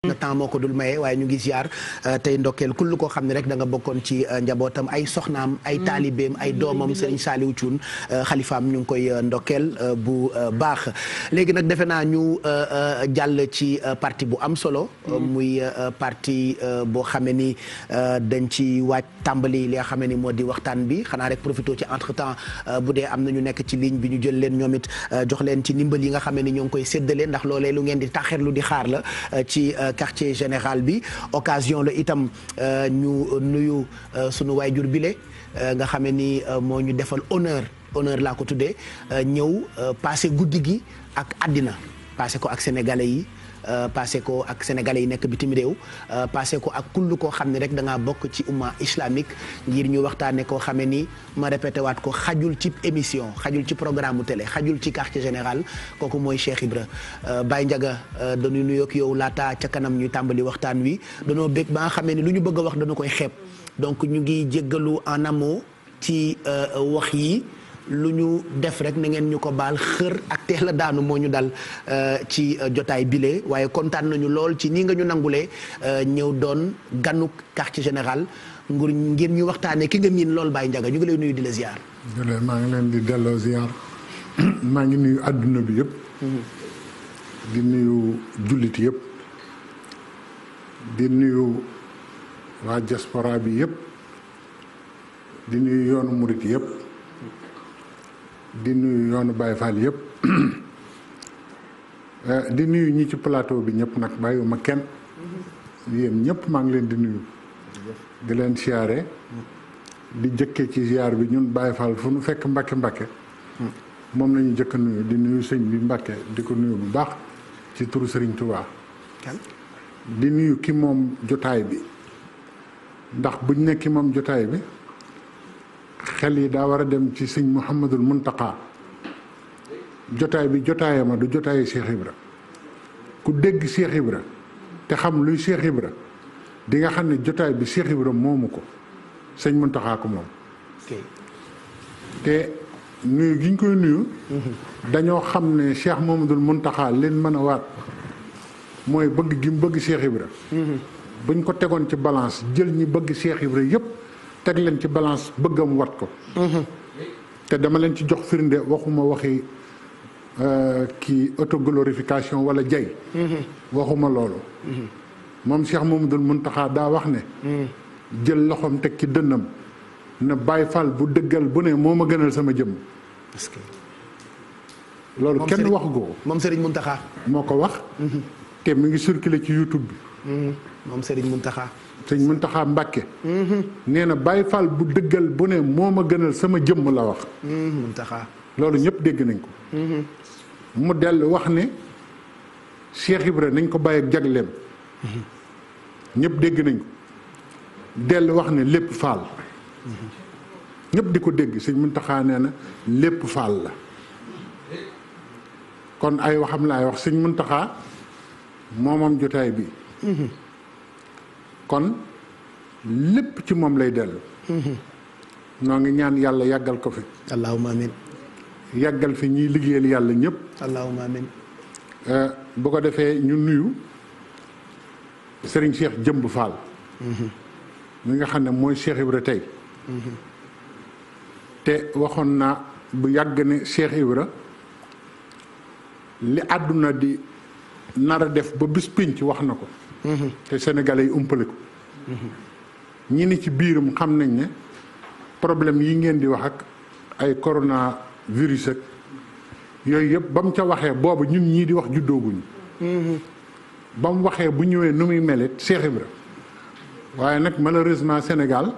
na temps moo ko dul maye waaye ñu ngi ziar euh, tey ndokkeel kull ko xam ne rek danga bokkoon ci euh, njabootam ay soxnaam ay mm. taalibeem ay doomam sëriñ Saaliw Cuun xalifaam ñu ngi koy euh, ndokkeel bu baax léegi nag defe naa ñu jàll ci parti bu am solo mm. muy parti boo xamee ni dañ ci waaj tàmbali li nga xamee ni moo di waxtaan bi xanaa rek profité ci entre temps bu dee am na ñu nekk ci ligne bi ñu jël leen ñoom it jox leen ci ndimbal yi nga xamee ni ñoo ngi koy séddale ndax loolee lu ngeen di taxeerlu di xaar la ci quartier général bi occasion le itam euh, ñu nuyu euh, sunu euh, nga ni honneur honneur la ko tuddee ñëw passé guddi gi ak Adina, passé ko sénégalais Euh, passé ko ak sénégalais yi nekk bitim réew euh, passé ko ak kull koo xam ne rek da bokk ci uma islamique ngir ñu waxtaane koo xamee ni ma répété waat ko xajul ci émission xajul ci programme mu télé xajul ci quartier général kooku mooy Cheikh Ibra euh, Baye Ndiaga dañuy nuyoog yow laata ca kanam ñuy tàmbali waxtaan wi danoo bég ba xame xamee ni lu ñu bëgg a wax dana koy xep donc ñu ngi jéggalu en amont ci wax yi luñu def rek na ngeen ñuko bal xër ak daanu moñu dal euh, ci euh, jotaay bile waye contane nañu lool ci ñi nga ñu nangulé euh, ñew doon ganuk quartier général ngur ngeen ñu waxtane ki nga min lool bay ndaga ñu ngi lay nuyu di la ziar. dole ma ngi leen di delloo ziar ma ngi nuyu aduna bi yépp mhm. di nuyu julit yépp di nuyu wa diaspora bi yépp di nuyu yoonu mourid yépp di nuyu yoonu Baye Fall yëpp eh, di nuyu ñi ci plateau bi ñëpp nag bàyyiwuma kenn yéen ñëpp maa ngi leen di nuyu di leen siyaare di jëkke ci siyaar bi ñun Baye Fall fu nu fekk mbakke mbakke moom lañu ñu jëkk nuyu di nuyu sëñ bi Mbàkke di ko nuyu bu baax ci turu Sëriñ Tuubaa di nuyu ki moom jotaay bi ndax buñ nekki moom jotaay bi kali da wara dem ci seigne Mouhamadul Muntaqa jotay bi jotayama du jotay Cheikh Ibra ku deg Cheikh Ibra te xam luy Cheikh Ibra di nga xamne jotay bi Cheikh Ibra momuko ko sëñ Muntaqa ko mom te nuyu giñ koy nuyu daño xamne Cheikh Mouhamadul Muntaqa len mën wat moy bëgg gi bëgg Cheikh Ibra mhm. buñ ko tegoon ci balance jël ñi bëgg Cheikh Ibra teg leen ci balance bëggam wat ko mhm. te dama leen ci jox firnde waxuma waxi euh, kii autoglorification wala jay mhm. waxuma loolu mhm. moom Cheikh Mamadul Muntaxa daa wax ne jël loxoom teg ci dënnam na Baay bu dëggal bu ne moo ma gënal sama jëmm loolu kenn wax goo moom Serigne Muntaxa moo ko wax te mu ngi circulé ci YouTube bi moom Serigne Muntaxa sëñ Muntaxa Mbàkke nee na Baay Faal bu dëggal bu ne moo ma gënal sama jëmm la wax mm-hmm, Muntaxa loolu ñëpp dégg nañ ko mm-hmm. mu dellu wax ne Cheikh Ibra nañ ko bàyyi ak jagleem mm-hmm. ñëpp dégg nañ ko dellu wax ne lépp faal ñépp di ko dégg sëñ Muntaxa nee na lépp faal la kon ay waxam laay ay wax sëñ Muntaxa moomam jotaay bi kon lépp ci moom lay dellu. Mm-hmm. noo ngi ñaan yàlla yàggal ko fi. allahumma amin. yàggal fi ñuy liggéeyal yàlla ñëpp. allahumma amin. Eh, bu ko defee ñu nuyu Serigne Cheikh Jëmb Fall. Mm-hmm. mi nga xam ne mooy Cheikh Ibra tey. Mm-hmm. te waxoon naa bu yàgg ne Cheikh Ibra li àdduna di nar a def ba bis pinc wax na ko. te sénégalais yi umpale ko. ñi ni ci biirum xam nañ ne problème yi ngeen di wax ak ay coronavirus ak yooyu yëpp ba mu ca waxee boobu ñun ñii di wax juddooguñu. ba mu waxee bu ñëwee nu muy melit Cheikh Ibra waaye nag malheureusement Sénégal.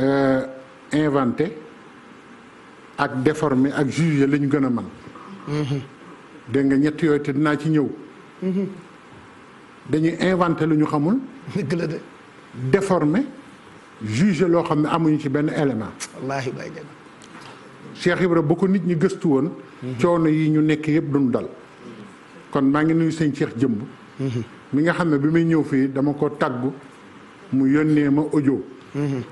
Euh, inventé ak déformé ak jugé lañu gën a man dégg nga ñett yooyu te dinaa ci ñëw. dañuy inventé lu ñu xamul. dëgg la de. déformé jugé loo xam ne amuñu ci benn élément. wallaahi Baye Diagne. ko nit ñi gëstu woon. Mhm. coono yi ñu nekk yëpp duñ dal. kon maa ngi nuyu sëñ Cheikh Jëmb. Mhm. mi nga xam ne bi may ñëw fii dama ko tàggu mu yónnee ma audio. Mhm.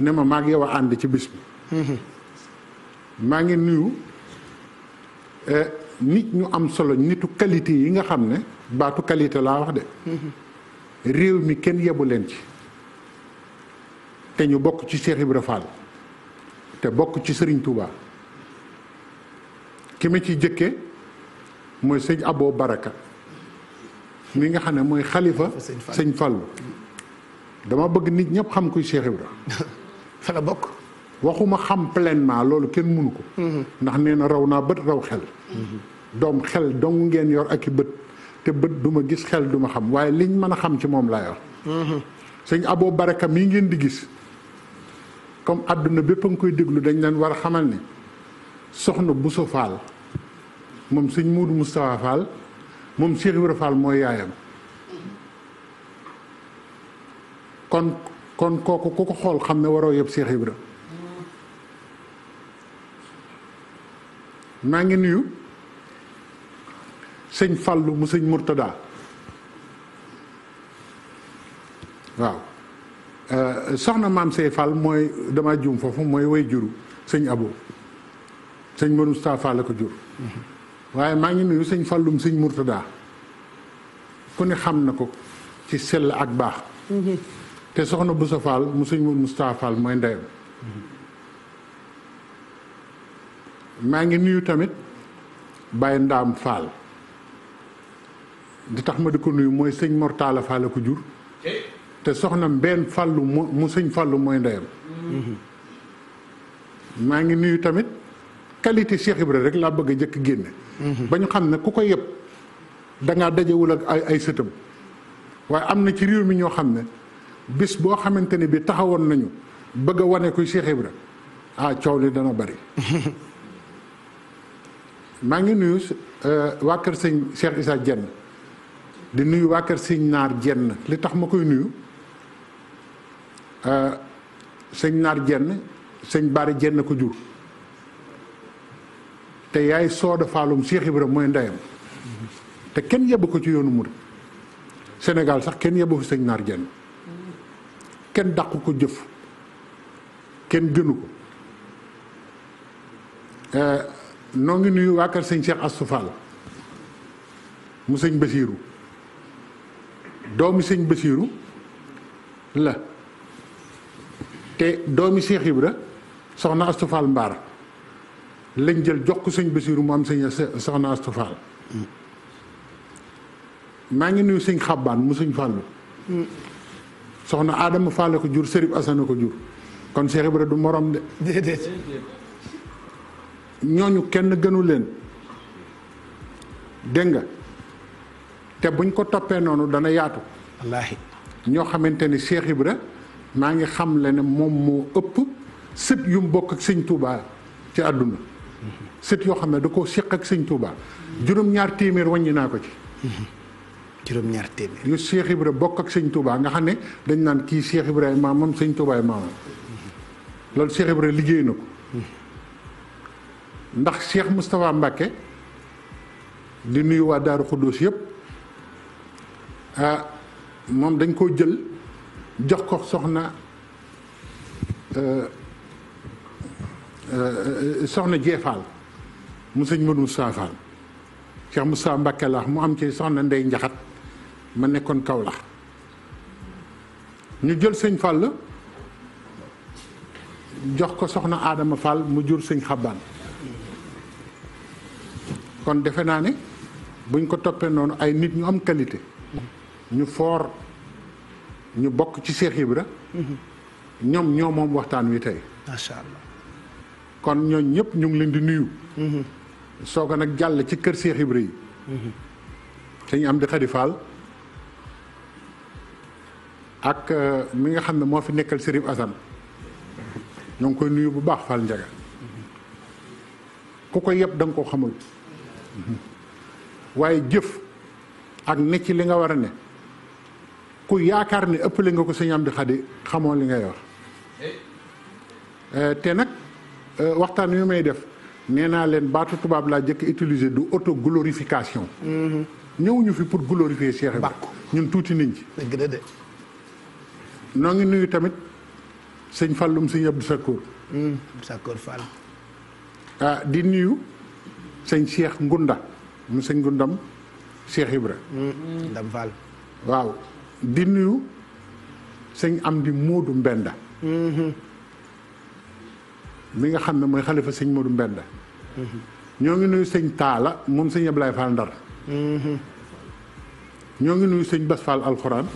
ne ma maa ngi yow ànd ci bis maa ngi nuyu. Eh, nit ñu am solo nitu qualité yi nga xam ne baatu qualité laa wax de réew mi kenn yebu leen ci te ñu bokk ci Cheikh Ibra Fall te bokk ci sëriñ Touba ki ma ci jëkke mooy sëñ Abo Baraka mi nga xam ne mooy xalifa sëñ Fallu dama bëgg nit ñëpp xam kuy Cheikh Ibra bokk waxuma xam pleinement loolu kenn mënu ko ndax nee na raw naa bët raw xel doom xel dong ngeen yor ak bët te bët duma gis xel duma xam waaye liñ mën a xam ci moom laa yor sëñ abo baraka mi ngeen di gis comme àdduna bépp nga koy déglu dañ leen war a xamal ni soxna buso faal moom sëñ muudu mustapha faal moom cheikh ibra faal mooy yaayam kon kon kooku ku ko xool xam ne waroo yëpp cheikh ibra maa ngi nuyu sëñ Fallou mu sëñ Mourtada waaw euh, soxna maam Sey Fall mooy dama juum foofu mooy way juru sëñ Abo sëñ Mor Moustapha la ko jur mm-hmm. waaye maa ngi nuyu sëñ Fallum sëñ Mourtada ku ne xam na ko ci sell ak baax mm-hmm. te soxna Boussa Fall mu sëñ Mor Moustapha mooy ndeyam mm-hmm. maa ngi nuyu tamit bàyyi Ndaam Fall di tax ma di ko nuyu mooy sëñ Mortala Fall ko jur te soxna mbenn fàllu mu sëñ fàllu mooy ndeyam maa ngi nuyu tamit qualité Cheikh Ibra rek laa bëgg a jëkk génne ba ñu xam ne ku ko yëpp dangaa dajewul ak ay ay sëtam waaye am na ci réew mi ñoo xam ne bis boo xamante ne bi taxawoon nañu bëgg a wane kuy Cheikh Ibra ah coow li dana bari maa ngi nuyu euh, waa kër sëñ Cheikh Issa Dieng di nuyu waa kër sëñ Naar jenn li tax ma koy nuyu euh, sëñ Naar Dieng sëñ bari jenn ko jur te yaay sooda faalum Cheikh Ibrahima mooy ndeyam te kenn yebbu ko ci yoonu murid senegal sax kenn yebbu fi Naar Dieng kenn dàqu ko jëf kenn gënu ko euh, noo ngi nuyu waa kër sëñ Cheikh Astou Fall mu sëñ Basiiru doomi sëñ Basiiru la te doomi Cheikh Ibra soxna Astou Fall Mbaar lañ jël jox ko sëñ Basiiru mu am sëñ soxna Astou maa ngi nuyu sëñ Xabbaan mu sëñ Fàllu soxna Adama Fall ko jur Sërif Asana ko jur kon Cheikh Ibra du morom de ñooñu kenn gënu leen dégg nga te buñ ko toppee noonu dana yaatu. wallaahi ñoo xamante ni Cheikh Ibra maa ngi xam le ne moom moo ëpp sët yu mu bokk ak sëñ Touba ci àdduna sët yoo xam ne da koo siq ak sëñ Touba juróom-ñaar téeméer wàññi naa ko ci. juróom-ñaar téeméer. yu Cheikh bokk ak sëñ Touba nga xam ne dañ naan kii Cheikh Ibrahima maamam sëñ Touba maamam loolu Cheikh Ibra liggéey na ko. ndax Cheikh Moustapha Mbacke di nuyu waa Daaru Xuddoos yëpp ah, moom dañ koo jël jox ko soxna euh, euh, soxna Jeefaal mu sëñ Modou Moustapha Fall Cheikh Moustapha laax mu am ci soxna Ndey Njaxat ma nekkoon kaw Kaolack ñu jël sëñ Fall jox ko soxna Adama Fall mu jur sëñ xaban kon defe naa ne buñ ko toppee noonu ay nit ñu am qualité ñu foor ñu bokk ci Cheikh Ibra ñoom ñoo moom waxtaan wi tey macha allah kon ñooñ ñëpp ñu ngi leen di nuyu mm-hmm. soo ko nag jàll ci kër Cheikh Ibra yi am mm-hmm. Amdi Khady Fall ak euh, mi nga xam ne moo fi nekkal Serigne Assane ñoo ngi koy nuyu bu baax Fall Ndiaga mm-hmm. ku ko yëpp da ko koo xamul waaye jëf ak ne ci li nga war a ne ku yaakaar ne li nga ko sëñ Amdi Xadi xamoo li ngay wax eh, te nag eh, waxtaan yu may def nee naa leen baatu tubaab laa jëkk utiliser du auto glorification mm-hmm. ñëw ñu fi pour glorifier Cheikh Ibra ñun tuuti nit ñi noo ngi nuyu tamit sëñ Fallum sëñ Abdou Sakkoor mm-hmm. Sakkoor ah, di nuyu sëñ Cheikh Ngunda mu sëñ Ngundam Cheikh Ibra mm-hmm. Ndam Fall waaw di nuyu sëñ am di Moodu Mbenda mm-hmm. mi nga xam ne mooy xalifa sëñ Moodu Mbenda mm-hmm. ñoo ngi nuyu sëñ Taala moom sëñ Ablaye Fall Ndar ñoo ngi nuyu sëñ Bas Fall alxuraan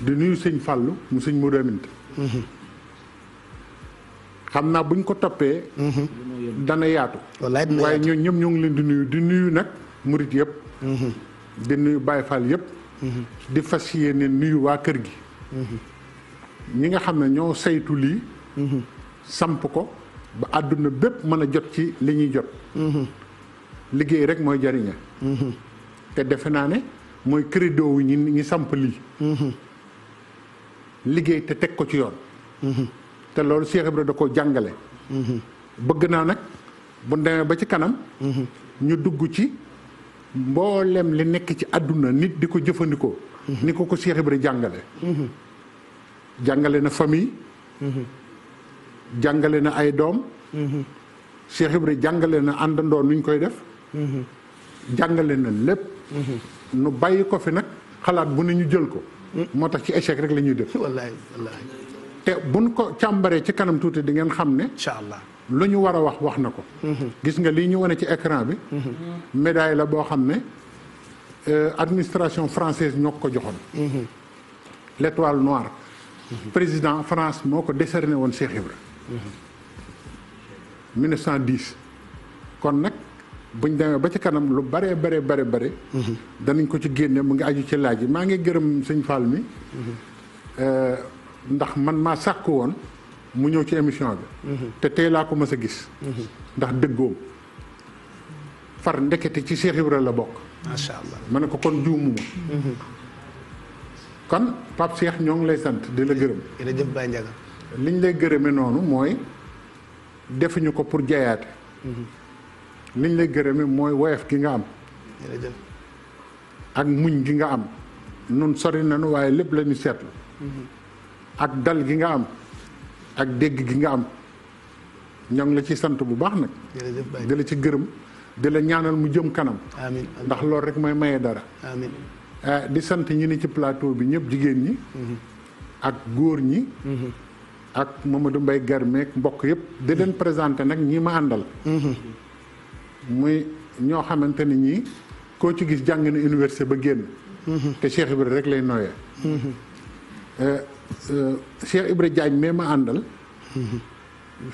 di nuyu sëñ Fallu mu sëñ Moodu Aminta xam naa bu ñu ko toppee. Mhm. dana yaatu. wallaay dina ñoom ñoom ñoo ngi leen di nuyu di nuyu nag murit yëpp. Mhm. di nuyu Baye Fall yëpp. Mhm. di fas yéene nuyu waa kër gi. ñi nga xam ne ñoo saytu lii. samp ko ba àdduna bépp mën a jot ci li ñuy jot. liggéey rek mooy jariña te defe naa ne mooy credo wu ñi ñi samp lii. liggéey te teg ko ci yoon. te loolu Cheikh Ibra da ko jàngale bëgg naa nag bu demee ba ci kanam ñu dugg ci mboolem li nekk ci àdduna nit di ko jëfandikoo ni ko ko Cheikh Ibra jàngale jàngale na famille jàngale na ay doom Cheikh Ibra jàngale na àndandoo nuñ koy def jàngale na lépp nu bàyyi ko fi nag xalaat bu ne ñu jël ko moo ci échec rek la def te buñ ko càmbaree ci kanam tuuti di ngeen xam ne. incha allah lu ñu war a wax wax na ko. Mhm. gis nga lii ñu wane ci écran bi. Mhm. médaille la boo xam ne euh, administration française ñoo ko joxoon. Mhm. l'étoile noire. président France moo ko décerné woon Cheikh Ibra. 1910 kon nag buñ demee ba ci kanam lu bare bare bare bare. danañ ko ci génne mu ngi aju ci laaj yi maa ngi gërëm sëñ Fall mi. Euh, ndax man maa sàkk woon mu ñëw ci émission bi. Mhm. te tey laa ko mës a gis. Mhm. ndax dëggoom far ndekete ci Cheikh Ibrahima la bokk. macha allah ma ne ko kon juumuma. Mhm. kon Pape Cheikh ñoo ngi lay sant di la gërëm. jërëjëf Baye Ndiaga. liñ lay gërëme noonu mooy defuñu ko pour jayaate. liñ lay gërëme mooy woyof gi nga am. ak muñ gi nga am. nun sori na nu waaye lépp la ñu seetlu. ak dal gi nga am ak dégg gi nga am ñoo ngi la ci sant bu baax nag. di la ci gërëm di la ñaanal mu jëm kanam. amiin ndax loolu rek mooy maye dara. amiin eh, di sant ñi ni ci plateau bi ñëpp jigéen ñi. Mm-hmm. ak góor ñi. Mm-hmm. ak Mamadou mbay Garmeek mbokk yëpp di leen mm-hmm. présenté nag ñi ma àndal. muy ñoo xamante ni ñii koo ci gis jàng na université ba génn. te Cheikh Ibrahima rek lay nooyee. Eh, Euh, Cheikh Ibra Diagne mema ma àndal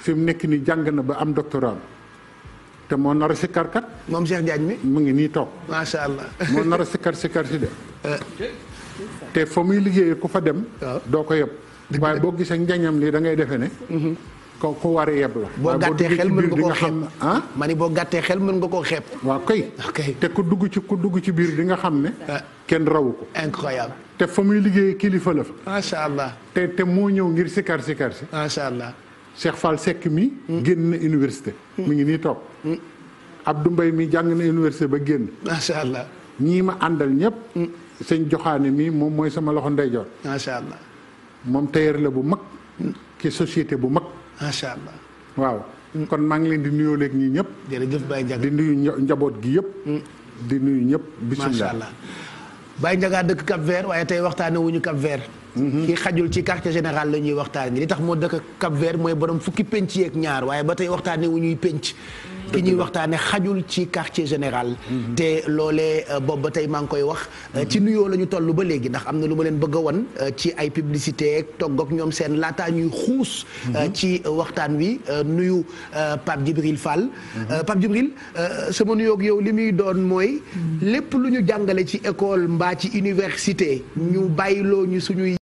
fi mu nekk na ba am doctorat te mo nar a kat. mom Cheikh Diagne mi mo ngi tok ma sha allah mo nar a sikkar sikkar de. Euh. te fami muy liggéeyee ku fa dem. do ko yeb. bo gis ak njañam li da ngay defé ne. Mhm. ko ko waré yeb la. bo gatté ah? xel mën nga ko xam han mani bo gatté xel mën nga ko xép wa kay. te ku dugg ci ku dugg ci bir di nga xam ne. Euh. kenn rawu ko. incroyable te famuy muy liggéey kilifa la fa. macha allah te te mo ñew ngir sikar sikar si. macha allah Cheikh Fall sek mi. génn na université. mi ngi ni top Abdou mbay mi jang na université ba génn. macha allah ñi ma andal ñep sëñ joxane mi mom moy sama loxo ndeyjoor. macha allah mom tayer la bu mak. ki société bu mag. macha allah waaw. kon ma ngi leen di nuyoo léegi ñii ñëpp. jërëjëf Baye Diagne di nuyu njabot gi yep mm. di nuyu ñep bismillah allah. Baye Ndiaga dëkk Cap Vert waaye tey waxtaane wu ñu Cap Vert mhm. kii xajul ci quartier général la ñuy waxtaane li tax moo dëkk Cap Vert mooy boroom fukki penc yeeg ñaar waaye ba tey waxtaane wu ñuy penc ki ñuy waxtaane xajul ci quartier général mhm. te loole euh, boobu ba tey maa ngi koy wax euh, ci mhm. nuyoo la ñu toll ba léegi ndax am na lu ma leen bëgg a euh, ci ay publicité ak togg ak ñoom seen laataa ñuy xuus mhm. ci waxtaan wi nuyu Pape Djibril Fall Pape Djibril sama nuyoog yow li muy doon mooy lépp lu ñu jàngale ci école mbaa ci université ñu bàyyiloo ñu suñuy